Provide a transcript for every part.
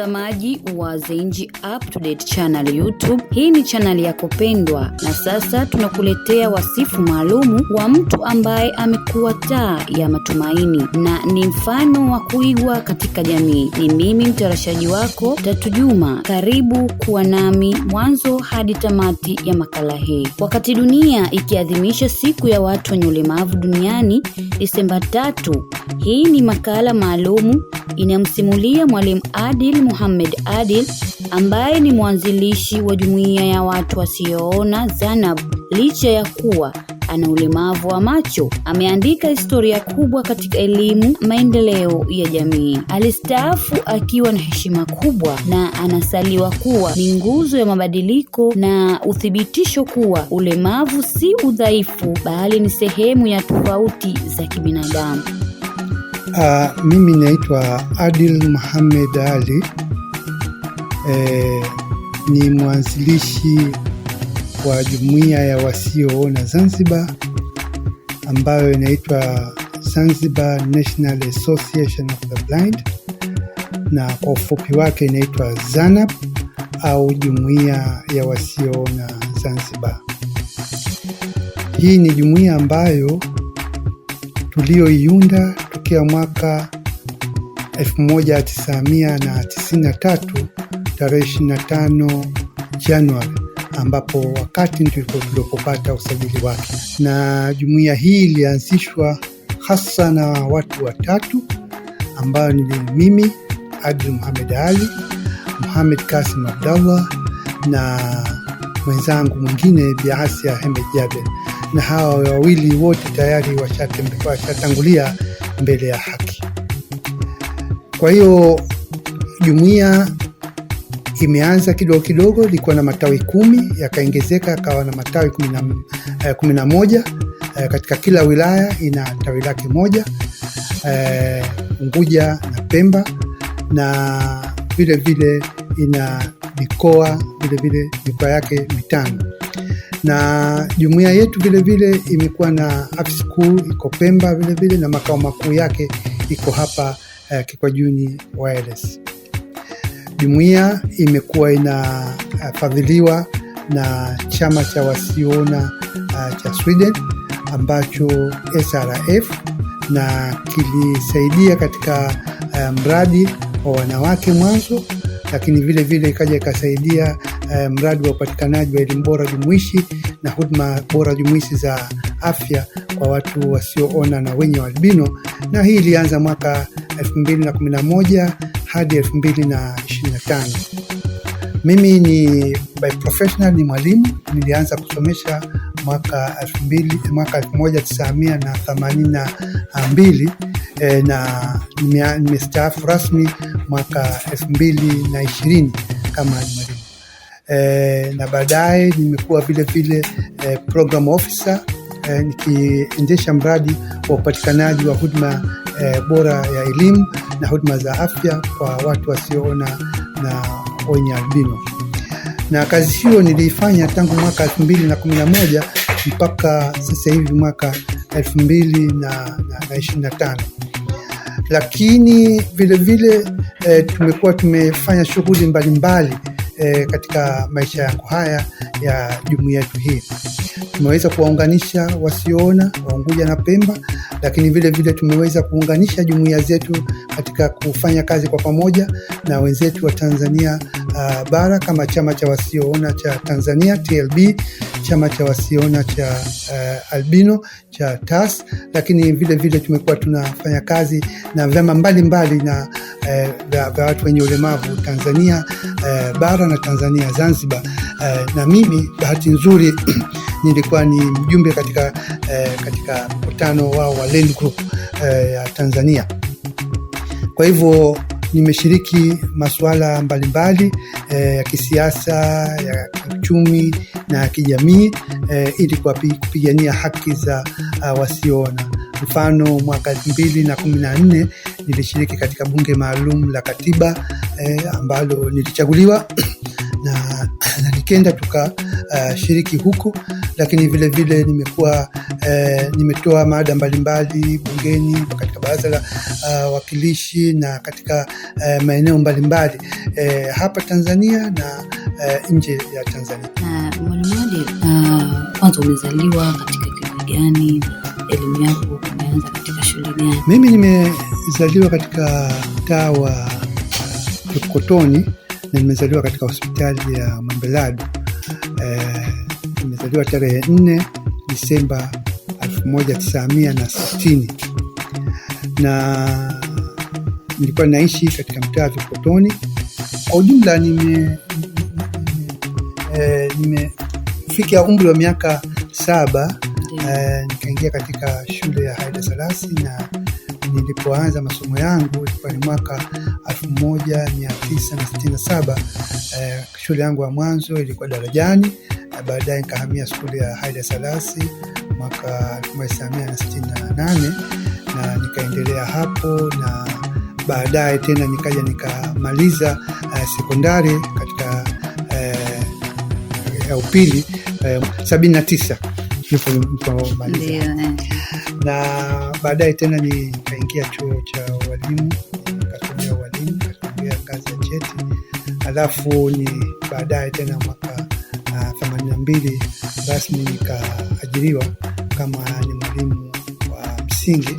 mtazamaji wa Zenji Up to Date channel YouTube. Hii ni channel ya kupendwa, na sasa tunakuletea wasifu maalumu wa mtu ambaye amekuwa taa ya matumaini na ni mfano wa kuigwa katika jamii. Ni mimi mtarashaji wako Tatu Juma, karibu kuwa nami mwanzo hadi tamati ya makala hii. Wakati dunia ikiadhimisha siku ya watu wenye ulemavu duniani Disemba tatu, hii ni makala maalumu inamsimulia Mwalimu Adil Muhammad Adil ambaye ni mwanzilishi wa jumuiya ya watu wasioona Zanab, licha ya kuwa ana ulemavu wa macho. Ameandika historia kubwa katika elimu, maendeleo ya jamii. Alistaafu akiwa na heshima kubwa, na anasaliwa kuwa ni nguzo ya mabadiliko na uthibitisho kuwa ulemavu si udhaifu, bali ni sehemu ya tofauti za kibinadamu. Uh, mimi naitwa Adil Muhammad Ali. Eh, ni mwanzilishi wa jumuiya ya wasioona Zanzibar ambayo inaitwa Zanzibar National Association of the Blind na kwa ufupi wake inaitwa zanap au jumuiya ya wasioona Zanzibar. Hii ni jumuiya ambayo tulioiunda kutokea mwaka 1993 tarehe 25 Januari ambapo wakati ndipo tulipopata usajili wake, na jumuiya hii ilianzishwa hasa na watu watatu ambayo ni mimi Abdu Muhamed Ali, Muhamed Kasim Abdallah na mwenzangu mwingine Biasia Hemed jabe na hawa wawili wote tayari washatangulia mbele ya haki. Kwa hiyo jumuiya imeanza kidogo kidogo, ilikuwa na matawi kumi, yakaongezeka yakawa na matawi kumi na eh, moja. Eh, katika kila wilaya ina tawi lake moja, eh, Unguja na Pemba, na vile vile ina mikoa vile vile mikoa yake mitano na jumuiya yetu vilevile imekuwa na afisi kuu iko Pemba vilevile na makao makuu yake iko hapa uh, Kikwajuni Wireless. Jumuiya imekuwa inafadhiliwa uh, na chama cha wasiona uh, eh, cha Sweden ambacho SRF na kilisaidia katika uh, mradi wa wanawake mwanzo lakini vile vile ikaja ikasaidia eh, mradi wa upatikanaji wa elimu bora jumuishi na huduma bora jumuishi za afya kwa watu wasioona na wenye ualbino, na hii ilianza mwaka 2011 hadi 2025. Mimi ni by professional ni mwalimu, nilianza kusomesha mwaka 2000 mwaka 1982 na eh, nimestaafu rasmi mwaka elfu mbili na ishirini kama mwalimu e, na baadaye nimekuwa vile e, program officer e, nikiendesha mradi wa upatikanaji wa huduma e, bora ya elimu na huduma za afya kwa watu wasioona na wenye albino, na kazi hiyo niliifanya tangu mwaka elfu mbili na kumi na moja mpaka sasa hivi mwaka elfu mbili na ishirini na tano lakini vilevile e, tumekuwa tumefanya shughuli mbalimbali e, katika maisha yangu haya ya jumuiya yetu hii tumeweza kuwaunganisha wasioona wa Unguja na Pemba, lakini vile vile tumeweza kuunganisha jumuiya zetu katika kufanya kazi kwa pamoja na wenzetu wa Tanzania uh, bara kama chama cha wasioona cha Tanzania TLB, chama cha wasioona cha uh, albino cha TAS, lakini vile vile tumekuwa tunafanya kazi na vyama mbalimbali na uh, vya uh, watu wenye ulemavu Tanzania uh, bara na Tanzania Zanzibar. Uh, na mimi bahati nzuri nilikuwa ni mjumbe katika eh, katika mkutano wao wa Land Group eh, ya Tanzania. Kwa hivyo nimeshiriki masuala mbalimbali eh, ya kisiasa, ya kiuchumi na ya kijamii eh, ili kupigania haki za uh, ah, wasioona. Mfano, mwaka elfu mbili na kumi na nne nilishiriki katika bunge maalum la katiba eh, ambalo nilichaguliwa na, na tukashiriki ah, uh, huko lakini vile vile nimekuwa eh, nimetoa mada mbalimbali bungeni katika baraza la uh, eh, wakilishi na katika eh, maeneo mbalimbali eh, hapa Tanzania na eh, nje ya Tanzania. Mwalimu Ade, eh, kwanza umezaliwa katika kijiji gani? Elimu yako umeanza katika shule gani? Mimi nimezaliwa katika mtaa wa eh, Kotoni na nimezaliwa katika hospitali ya Mambelado eh, alizaliwa tarehe 4 Disemba 1960 na nilikuwa naishi katika mtaa Vikotoni. Kwa ujumla nime e, nimefikia umri wa miaka saba e, nikaingia katika shule ya Haida Salasi na nilipoanza masomo yangu ilikuwa ni mwaka 1967. Eh, shule yangu ya mwanzo ilikuwa darajani baadaye nikahamia skuli ya Haile Salasi mwaka 1968 na nikaendelea hapo na baadaye tena nikaja nikamaliza uh, sekondari katika uh, ya upili uh, sabini na tisa na baadaye tena nikaingia chuo cha walimu nikatumia walimu nikaingia ngazi ya cheti, alafu ni baadaye tena mwaka mbili rasmi nikaajiriwa kama ni mwalimu wa msingi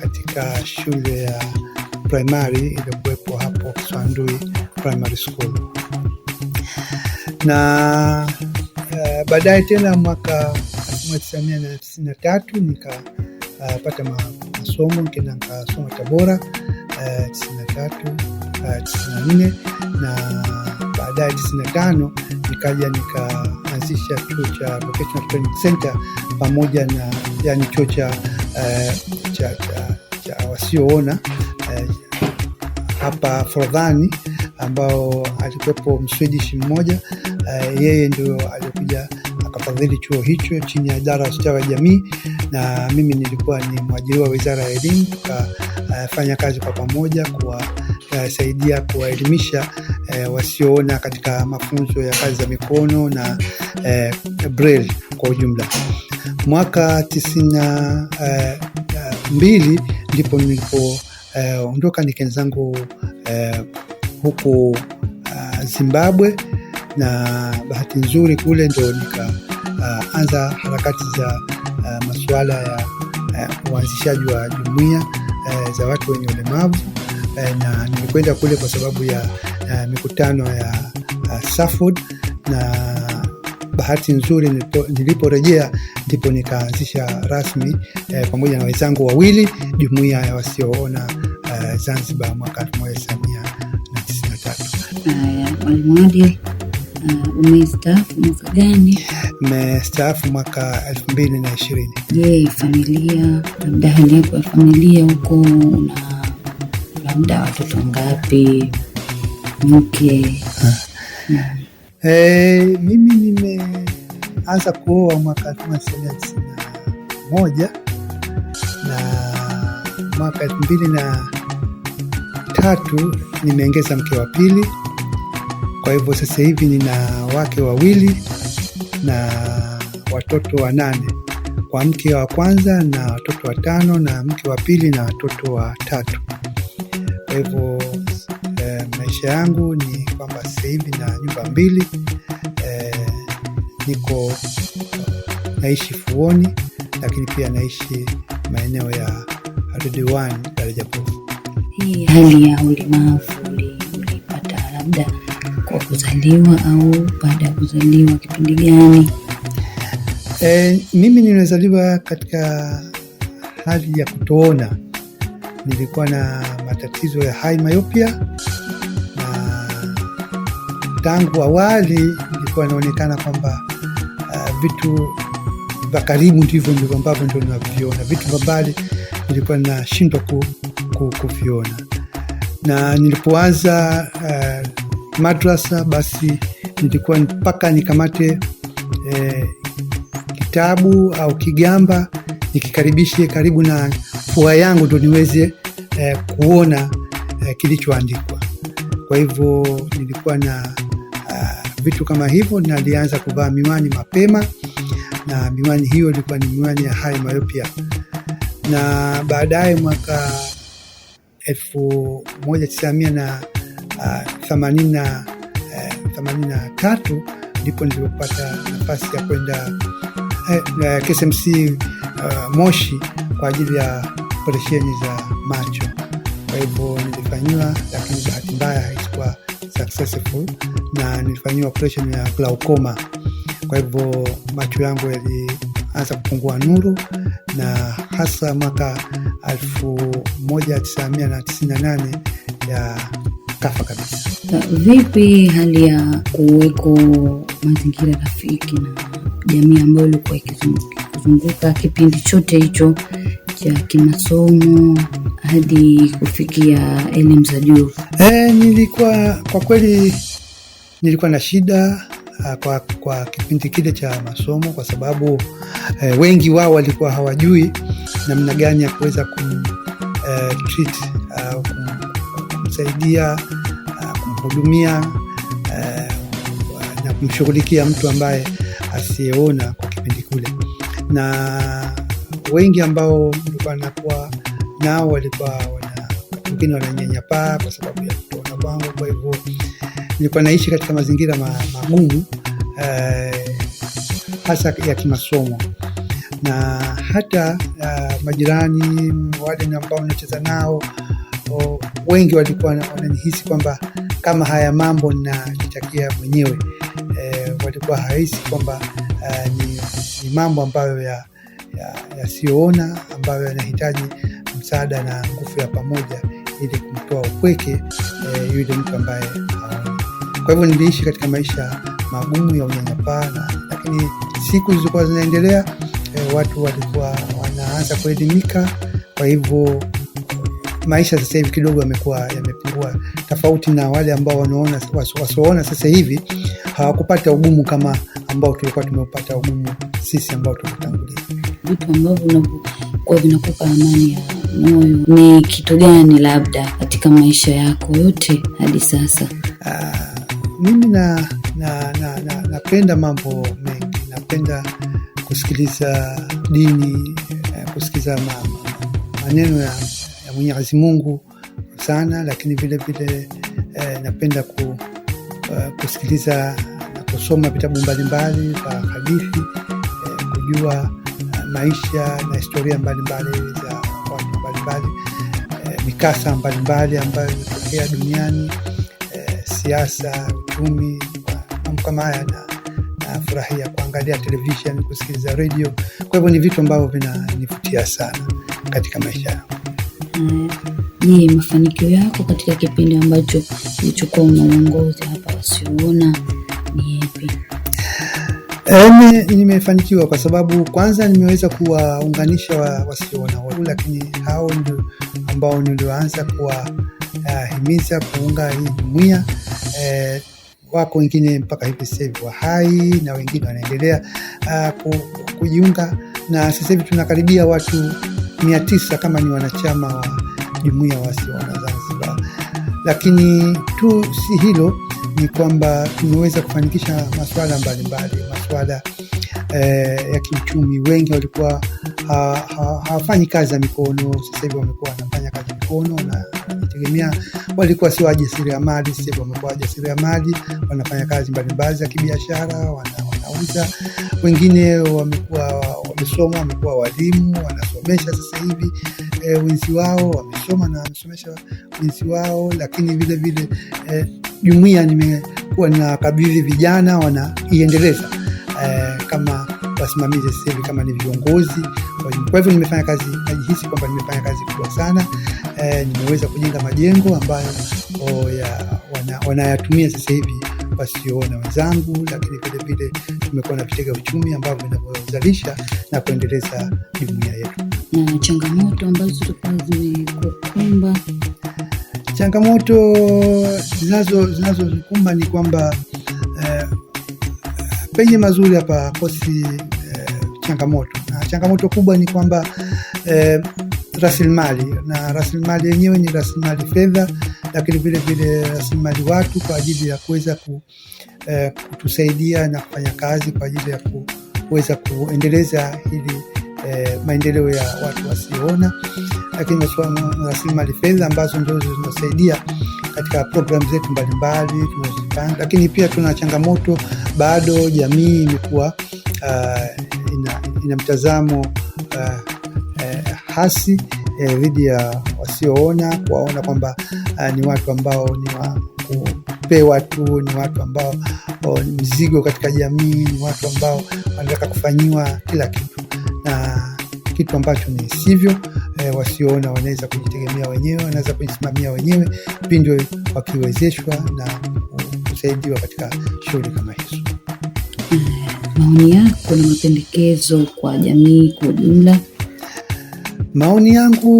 katika shule ya primary iliyokuwepo hapo swandui Primary School na uh, baadaye tena mwaka 1993 nikapata uh, masomo nikaenda nikasoma Tabora uh, 93 uh, 94 na eh, baadaye 95 nikaja nikaanzisha chuo cha Vocational Training Center pamoja na yani chuo cha, uh, cha, cha, cha wasioona uh, hapa Forodhani ambao alikuwepo Mswedish mmoja uh, yeye ndio alikuja akafadhili chuo hicho chini ya idara ya ustawi wa jamii, na mimi nilikuwa ni mwajiriwa wizara ya elimu. Tukafanya uh, kazi kwa pamoja kuwasaidia uh, kuwaelimisha e, wasioona katika mafunzo ya kazi za mikono na e, braille kwa ujumla. Mwaka tisini na e, mbili ndipo nilipoondoka e, nikenda zangu e, huku a, ah, Zimbabwe na bahati nzuri kule ndo nikaanza ah, harakati za a, masuala ya uanzishaji wa jumuiya za watu wenye ulemavu na nilikwenda kule kwa sababu ya uh, mikutano ya uh, eh, Safud na bahati nzuri niliporejea ndipo nikaanzisha rasmi eh, pamoja na wenzangu wawili jumuiya ya wasioona eh, Zanzibar mwaka 1993. Mwalimu Adil, umestaafu mwaka gani? Mestaafu mwaka 2020. Je, familia labda hali yako ya familia huko, na labda watoto ngapi? Okay. Eh, mimi nimeanza kuoa mwaka elfu moja mia tisa na moja na mwaka elfu mbili na tatu nimeongeza mke wa pili. Kwa hivyo sasa hivi nina wake wawili na watoto wanane kwa mke wa kwanza na watoto watano na mke wa pili na watoto watatu. Kwa hivyo maisha yangu ni kwamba sasa hivi na nyumba mbili e, niko eh, naishi Fuoni, lakini pia naishi maeneo ya Ridhiwani Daraja Kuu. Hii hali ya ulimafu ulipata labda kwa kuzaliwa au baada ya kuzaliwa, kipindi gani? E, mimi nimezaliwa katika hali ya kutoona. Nilikuwa na matatizo ya hai mayopia tangu awali ilikuwa inaonekana kwamba uh, vitu vya karibu ndivyo ndivyo ambavyo ndo naviona, vitu vya mbali nilikuwa ninashindwa ku, ku, kuviona. Na nilipoanza uh, madrasa basi nilikuwa mpaka nikamate eh, kitabu au kigamba nikikaribishe karibu na pua yangu ndo niweze eh, kuona eh, kilichoandikwa. Kwa hivyo nilikuwa na vitu kama hivyo, na alianza kuvaa miwani mapema, na miwani hiyo ilikuwa ni miwani ya high myopia, na baadaye mwaka ah, eh, na tatu ndipo nilipopata nafasi ya kwenda eh, KSMC uh, ah, Moshi kwa ajili ya operesheni za macho. Kwa hivyo nilifanyiwa, lakini bahati mbaya haikuwa successful na nilifanyiwa operation ya glaucoma. Kwa hivyo macho yangu yalianza kupungua nuru, na hasa mwaka 1998 ya kafa kabisa. Vipi hali ya kuweko mazingira rafiki na jamii ambayo ilikuwa ikizunguka kipindi chote hicho cha kimasomo? hadi kufikia elimu za juu? E, nilikuwa kwa kweli nilikuwa na shida ah, kwa, kwa kipindi kile cha masomo kwa sababu e, wengi wao walikuwa hawajui namna gani ya kuweza kum, e, eh, treat, a, ah, kum, kumsaidia a, ah, kumhudumia a, na kumshughulikia mtu ambaye asiyeona kwa kipindi kule, na wengi ambao walikuwa nakuwa nao walikuwa wana wengine wananyanyapaa kwa sababu ya kutoona kwangu. Kwa hivyo nilikuwa naishi katika mazingira magumu eh, hasa ya kimasomo na hata uh, majirani wale ambao nacheza nao o, wengi walikuwa wananihisi kwamba kama haya mambo najitakia mwenyewe eh, walikuwa hawahisi kwamba uh, ni, ni mambo ambayo yasiyoona ya ambayo yanahitaji msaada na nguvu ya pamoja ili kumtoa upweke eh, yule mtu ambaye kwa hivyo niliishi katika maisha magumu ya unyanyapaa, lakini siku zilizokuwa zinaendelea eh, watu walikuwa wanaanza kuelimika. Kwa hivyo maisha sasa hivi kidogo yamekuwa yamepungua, tofauti na wale ambao wanaona wasioona sasa hivi hawakupata ugumu kama ambao tulikuwa tumeupata ugumu sisi ambao tukutangulia, vitu ambavyo vinakupa amani moyo ni kitu gani labda katika maisha yako yote hadi sasa? Uh, mimi na napenda na, na, na mambo mengi. Napenda kusikiliza dini, eh, kusikiliza maneno ya, ya Mwenyezi Mungu sana, lakini vilevile eh, napenda ku, uh, kusikiliza na kusoma vitabu mbalimbali vya hadithi eh, kujua eh, maisha na historia mbalimbali mikasa mbalimbali ambayo imetokea duniani, e, siasa, uchumi, mambo kama haya, na nafurahia kuangalia televishen kusikiliza redio. Kwa hivyo ni vitu ambavyo vinanivutia sana katika maisha yangu. Je, mm. mafanikio yako katika kipindi ambacho ulichokuwa unaongoza hapa Wasiuona ni E, nimefanikiwa kwa sababu kwanza nimeweza kuwaunganisha wasioona, lakini hao ndio ambao nilioanza kuwahimiza uh, kuunga hii jumuia eh, wako wengine mpaka hivi sasa wa hai na wengine wanaendelea uh, kujiunga, na sasa hivi tunakaribia watu mia tisa kama ni wanachama wa jumuia wasioona Zanzibar. Lakini tu si hilo, ni kwamba tumeweza kufanikisha masuala mbalimbali, masuala eh, ya kiuchumi. Wengi walikuwa hawafanyi ha, kazi za mikono, sasa hivi wamekuwa wanafanya kazi za mikono na wanajitegemea. Walikuwa sio wajasiriamali, sasa hivi wamekuwa wajasiriamali, wanafanya kazi mbalimbali za kibiashara, wanauza. Wengine wamekuwa wamesoma, wamekuwa walimu, wanasomesha sasa hivi e, wenzi wao wamesoma na wanasomesha wenzi wao, lakini vilevile jumuia vile, e, nimekuwa ninawakabidhi vijana wanaiendeleza eh, kama wasimamizi sasa hivi kama ni viongozi. Kwa hivyo nimefanya kazi, najihisi kwamba nimefanya kazi kubwa sana eh, nimeweza kujenga majengo ambayo oh, ya, wana, wanayatumia sasa hivi wasioona wenzangu, lakini vilevile tumekuwa na vitega uchumi ambavyo vinavyozalisha na kuendeleza jumuiya yetu. changamoto ambazo zimekukumba, changamoto zinazozikumba ni kwamba penye mazuri hapa kosi eh, changamoto na changamoto kubwa ni kwamba eh, rasilimali na rasilimali yenyewe ni rasilimali fedha, lakini vile vile rasilimali watu kwa ajili ya kuweza ku, eh, kutusaidia na kufanya kazi kwa ajili ya kuweza kuendeleza hili eh, maendeleo ya watu wasioona, lakini masuala rasilimali fedha ambazo ndio zinasaidia katika programu zetu mbalimbali tunazipanga, lakini pia tuna changamoto bado. Jamii imekuwa uh, ina, ina mtazamo uh, eh, hasi eh, dhidi eh, ya wasioona, kuwaona kwamba uh, ni watu ambao ni wa kupewa tu, ni watu ambao oh, ni mzigo katika jamii, ni watu ambao wanataka kufanyiwa kila kitu na kitu ambacho ni sivyo. E, wasioona wanaweza kujitegemea wenyewe, wanaweza kujisimamia wenyewe pindi wakiwezeshwa na kusaidiwa katika shughuli kama hizo. Eh, maoni yako na mapendekezo kwa jamii kwa ujumla? Maoni yangu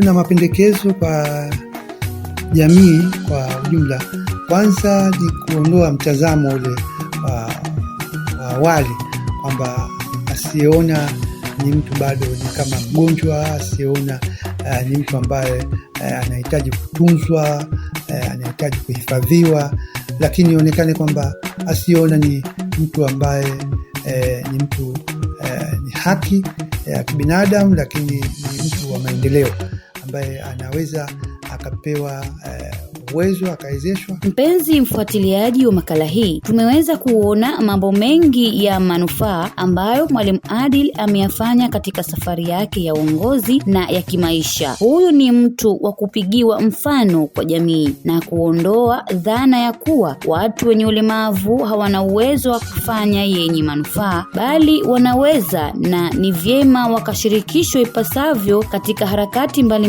na mapendekezo kwa jamii kwa ujumla, kwanza ni kuondoa mtazamo ule ah, wa awali kwamba asiyeona ni mtu bado ni kama mgonjwa asiona, uh, eh, ni mtu ambaye uh, anahitaji kutunzwa, uh, anahitaji kuhifadhiwa, lakini ionekane kwamba asiona ni mtu ambaye uh, ni mtu uh, ni haki ya uh, kibinadamu, lakini ni mtu wa maendeleo ambaye anaweza akapewa eh, uwezo akawezeshwa. Mpenzi mfuatiliaji wa makala hii, tumeweza kuona mambo mengi ya manufaa ambayo Mwalimu Adil ameyafanya katika safari yake ya uongozi na ya kimaisha. Huyu ni mtu wa kupigiwa mfano kwa jamii na kuondoa dhana ya kuwa watu wenye ulemavu hawana uwezo wa kufanya yenye manufaa, bali wanaweza na ni vyema wakashirikishwa ipasavyo katika harakati mbalimbali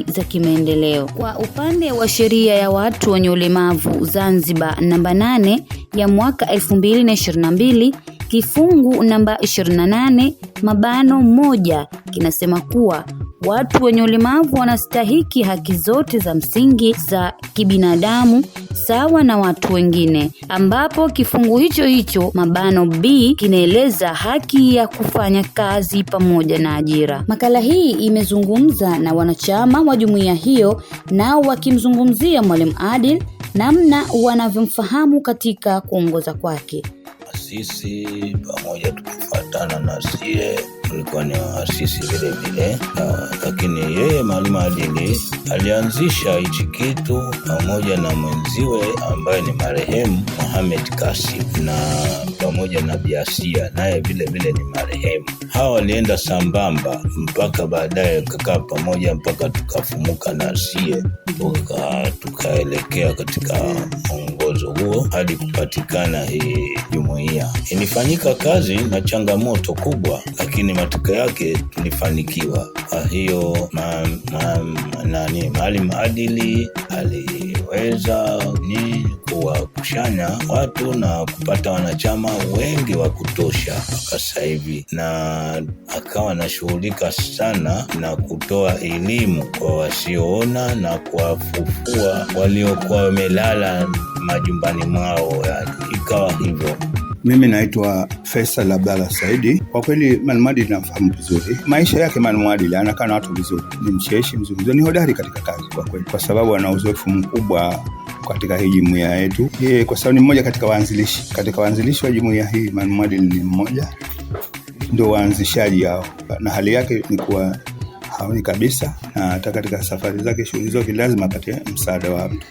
mbali za kimaendeleo. Kwa upande wa sheria ya watu wenye ulemavu Zanzibar namba 8 ya mwaka 2022 kifungu namba 28 mabano moja kinasema kuwa Watu wenye ulemavu wanastahiki haki zote za msingi za kibinadamu sawa na watu wengine, ambapo kifungu hicho hicho mabano B kinaeleza haki ya kufanya kazi pamoja na ajira. Makala hii imezungumza na wanachama wa jumuiya hiyo, nao wakimzungumzia Mwalimu Adil namna wanavyomfahamu katika kuongoza kwake na sisi pamoja, tukifuatana na sie tulikuwa ni waasisi vile vile, lakini yeye Mwalimu Adili alianzisha hichi kitu pamoja na mwenziwe ambaye ni marehemu Mohamed kasim na pamoja na Biasia naye vile vile ni marehemu. Hawa walienda sambamba mpaka baadaye kakaa pamoja mpaka tukafumuka na sie tukaelekea katika Mungu kidogo hadi kupatikana hii jumuiya. Ilifanyika kazi na changamoto kubwa, lakini matokeo yake tulifanikiwa. Kwa hiyo ma, ma, nani, Maalim Adili ali tunaweza ni kuwakushanya watu na kupata wanachama wengi wa kutosha sasa hivi, na akawa anashughulika sana na kutoa elimu kwa wasioona na kuwafufua waliokuwa wamelala majumbani mwao, yani ikawa hivyo. Mimi naitwa Faisal Abdalla Saidi. Kwa kweli Manmadi namfahamu vizuri, maisha yake Manmadi anakaa na watu vizuri, ni mcheshi mzuri, ni hodari katika kazi kwa kweli, kwa sababu ana uzoefu mkubwa katika hii jumuiya yetu. Yeye kwa sababu ni mmoja katika waanzilishi, katika waanzilishi wa jumuiya hii Manmadi ni mmoja, ndio waanzishaji hao, na hali yake ni kuwa haoni kabisa, na hata katika safari zake, shughuli zake, lazima apate msaada wa mtu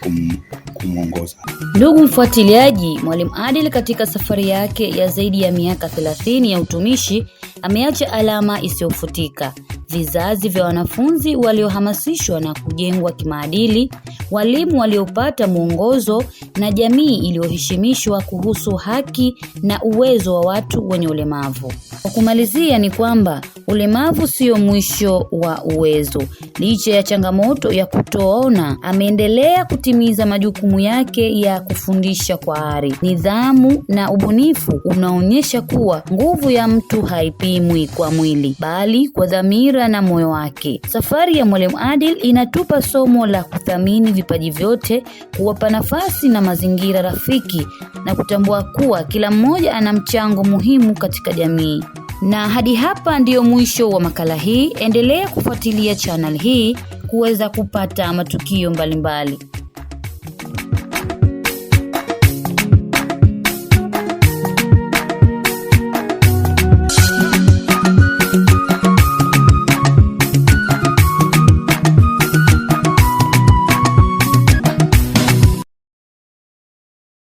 kumwongoza. Ndugu mfuatiliaji, Mwalimu Adil katika safari yake ya zaidi ya miaka 30 ya utumishi ameacha alama isiyofutika, vizazi vya wanafunzi waliohamasishwa na kujengwa kimaadili, walimu waliopata mwongozo na jamii iliyoheshimishwa kuhusu haki na uwezo wa watu wenye ulemavu. Kwa kumalizia, ni kwamba Ulemavu sio mwisho wa uwezo. Licha ya changamoto ya kutoona, ameendelea kutimiza majukumu yake ya kufundisha kwa ari, nidhamu na ubunifu unaonyesha kuwa nguvu ya mtu haipimwi kwa mwili, bali kwa dhamira na moyo wake. Safari ya Mwalimu Adil inatupa somo la kuthamini vipaji vyote, kuwapa nafasi na mazingira rafiki na kutambua kuwa kila mmoja ana mchango muhimu katika jamii. Na hadi hapa ndiyo mwisho wa makala hii. Endelea kufuatilia channel hii kuweza kupata matukio mbalimbali mbali.